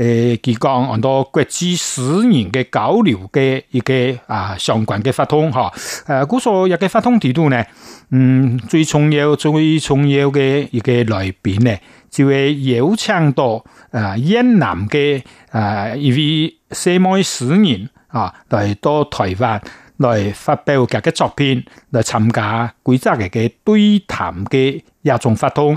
誒，佢講按到國際詩人嘅交流嘅一個啊相關嘅溝通吓，誒、啊，古數一個溝通渠道呢，嗯，最重要最重要嘅一個內邊呢，就會邀請到誒越南嘅誒一位寫文詩人啊，嚟、啊啊、到台灣嚟發表佢嘅作品，嚟參加規則嘅嘅對談嘅一種溝通。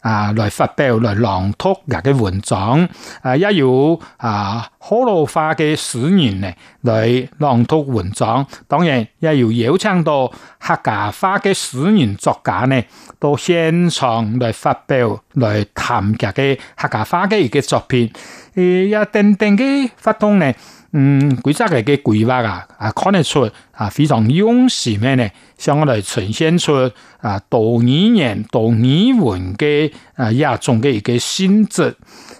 啊，來發表、來朗讀嘅文章，啊，也有啊，好老化嘅詩人呢，來朗讀文章，當然也有邀請到客家話嘅詩人作家呢，到現場嚟發表、嚟談嘅嘅客家話嘅嘅作品，而一定定嘅活動呢。嗯，規則嘅嘅規劃啊，啊，看得出啊，非常用心嘅呢，向我哋呈現出啊，多語言多語文嘅啊，一種嘅一個性質。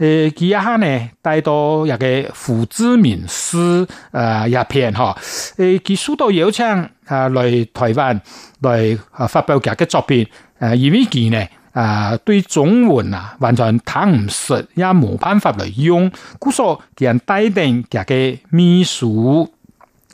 誒，佢一刻呢帶到一個胡志明市誒一篇哈，誒佢收到邀請啊、呃、來台灣來、啊、發表佢嘅作品，誒因為佢呢誒、啊、對中文啊完全睇唔熟，也冇辦法來用，故所佢人帶定一個秘書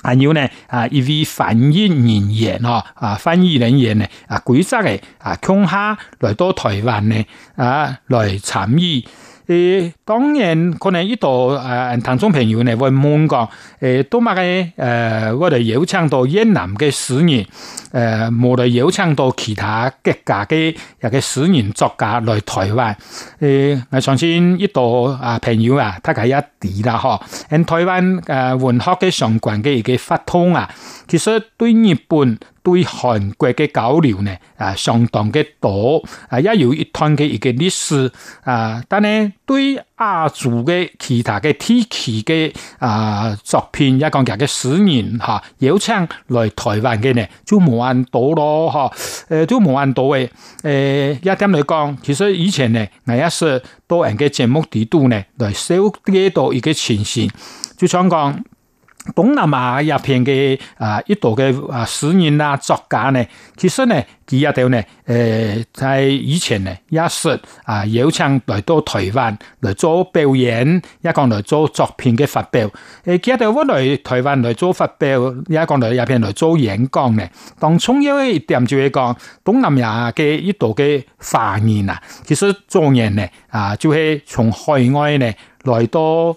還有、啊、呢啊一位、啊、翻譯人員哈啊翻譯人員呢啊趕晒誒，啊鄉下、啊、來到台灣呢啊來參與。誒、啊，當然可能呢度誒，同中朋友呢會問講，誒，都乜嘅？誒，我哋、啊呃、邀請到越南嘅詩人，誒、呃，冇嚟邀請到其他國家嘅一個詩人作家來台灣。誒、啊，我上次呢度啊朋友啊，大概一啲啦，嗬、啊，喺台灣誒、啊、文學嘅相關嘅一個發通啊，其實對日本。對韓國嘅交流呢，啊相當嘅多，啊也有一段嘅一個歷史啊。但呢，對亞洲嘅其他嘅地區嘅啊作品，一、啊、講嘅嘅史言吓，有請來台灣嘅呢，都冇咁多咯，哈、啊，誒都冇咁多嘅。誒一點嚟講，其實以前呢，我也是多人嘅節目度呢，來收啲到一個情形，就想講。東南亞入邊嘅啊，一度嘅啊詩人啦作家呢，其實呢佢一度呢，誒在以前呢，一說啊邀請嚟到台灣嚟做表演，一個嚟做作品嘅發表，誒佢一度我嚟台灣嚟做發表，一個嚟入邊嚟做演講呢。當中有一點就嚟講，東南亞嘅呢度嘅華人啊，其實做人呢，啊就係從海外呢嚟到。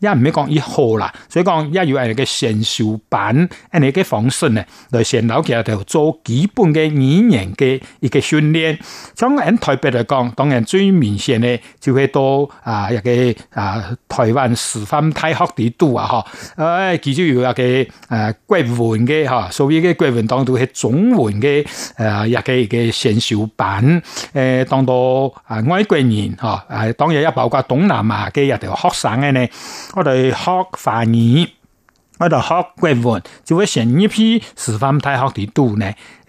也唔俾講以學啦，所以講一要係個上手班，一個仿身咧，嚟上樓其實就做基本嘅耳形嘅一個訓練。咁喺台北嚟講，當然最明顯嘅就會到啊一個啊台灣師範大學啲都啊哈，誒，其實有一個誒、呃、國文嘅哈，所謂嘅國文當到係中文嘅誒、呃，一個一個上手版誒、呃，當到啊外國人哈，誒、呃呃，當然也包括東南亞嘅一條學生嘅咧。我哋學華語，我哋學國文，就會選一批師範大學嚟讀呢。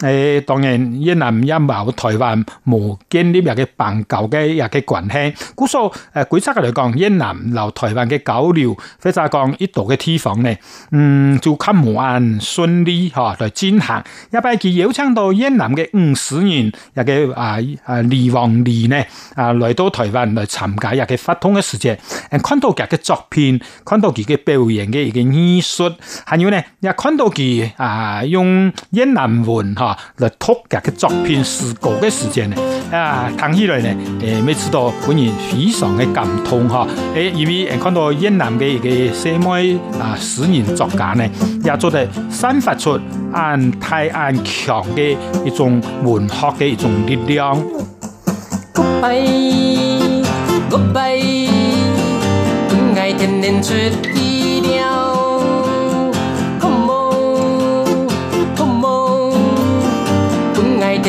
誒當然，越南也冇台灣無建立邊嘅邦交嘅一個關係。咁所以誒，舉測嘅嚟講，越南留台灣嘅交流，或者講一度嘅地方咧，嗯，做得無按順利嚇來進行。一班佢邀請到越南嘅五十年一個啊啊鸝黃鸝咧，啊李李呢來到台灣嚟參加一個發通嘅時節。誒，看到佢嘅作品，看到佢嘅表演嘅一、這個藝術，還有咧，又看到佢啊用越南文嚇。哈來讀個個作品詩歌嘅時間呢？啊，聽起來呢，誒，每次都本人非常的感動哈，誒，因為看到越南嘅一個什麼啊，詩人作家呢，也做得散發出安泰安強嘅一種文學嘅一種力量。Good bye, Good bye, 嗯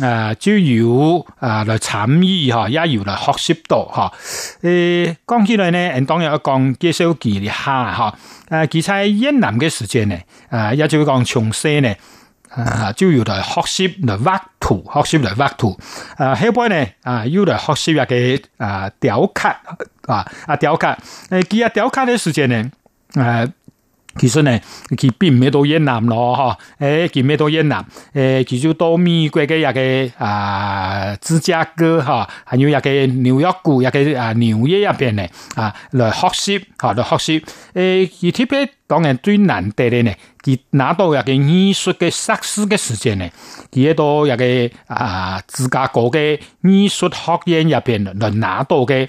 啊，就要啊來參與哈，也要來學習到哈。誒、啊，講起來呢，當然講耶穌記哈，嗬、啊。誒，佢、啊、在越南嘅時間呢，啊，一朝講長沙呢，啊，就要嚟學習嚟挖土，學習嚟挖土。啊，後邊呢，啊，要嚟學習嘅啊雕刻啊，啊雕刻。誒，佢阿雕刻嘅時間呢，啊。其實呢，佢並唔係到越南咯，哈，誒，佢唔係到越南，誒，佢就到美國嘅一個啊芝加哥，哈，還有一、這個紐約谷，一個啊紐約入邊呢，啊，來學習，哈、啊，來學習，誒、啊，佢特別當然最難的呢，佢拿到一個藝術的碩士的時間呢，佢都到一個啊，啊芝加哥的藝術、啊、學院入邊，能拿到的。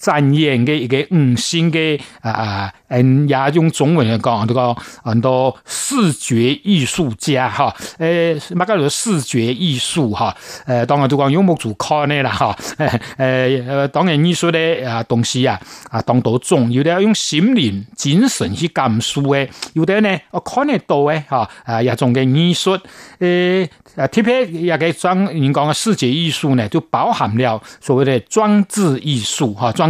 展現嘅一個五星嘅啊，啊，誒也用中文嚟講，我哋講很多視覺藝術家嚇，誒乜嘢叫做視覺藝術嚇，誒、啊、當然都講有目注看嘅啦嚇，誒、啊，誒當然藝術的啊東西啊啊，當多種，有啲要用心靈精神去感受嘅，有啲呢，我看得到嘅嚇啊一種嘅藝術，誒、啊、特別也嘅裝，你講的視覺藝術呢，就包含了所謂的裝置藝術嚇、裝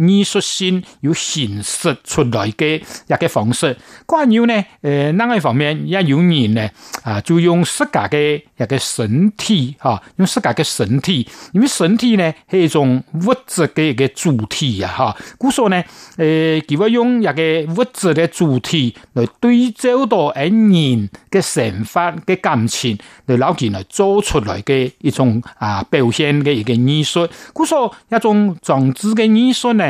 藝術性有顯示出來的一個方式，關於呢，呃，那個方面，要用人呢，啊，就用世界嘅一個身體，哈、啊，用世界嘅身體，因為身體呢是一種物質的一個主體呀，哈、啊。故說呢，呃，給我用一個物質的主體來對照到喺人的想法嘅感情嚟攞佢呢做出來的一種啊表現的一個藝術。故說一種裝置的藝術呢？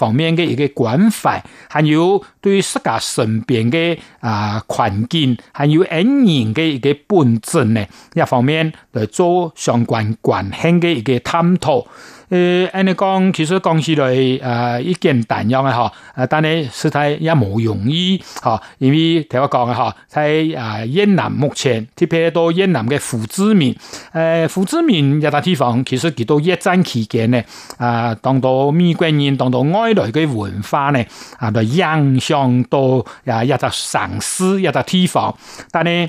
方面嘅一個關懷，還有對世界身邊嘅啊、呃、環境，還有演員嘅一個本質呢，一方面嚟做相關關慶嘅一個探討。誒，按你講其實江西內誒一件難樣嘅啊，點點但係實在也冇容易嚇，因為聽我講嘅嚇，喺越南目前特別喺到越南嘅胡志明誒，胡志明一笪地方，其實幾多一戰期間咧，啊，當到美國人當到愛來嘅文化咧，啊，就影響到啊一笪城市一笪地方，但係。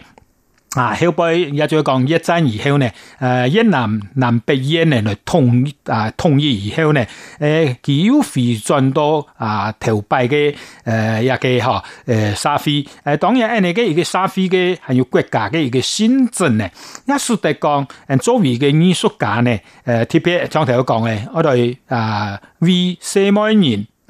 啊，後背又再講一戰以後呢？誒、啊，越南南北越呢、啊，來統一、啊，啊統一以後呢？誒，佢要回轉到啊，投幣嘅誒也給哈誒社會。誒，當然誒，呢個一個社會嘅，還有國家嘅一個新政呢。一說嚟講，誒，作為個藝術家呢？誒，特別剛才講誒，我哋啊，為社會人。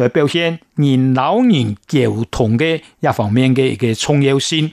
來表現老年老人溝通嘅一方面嘅一個重要性。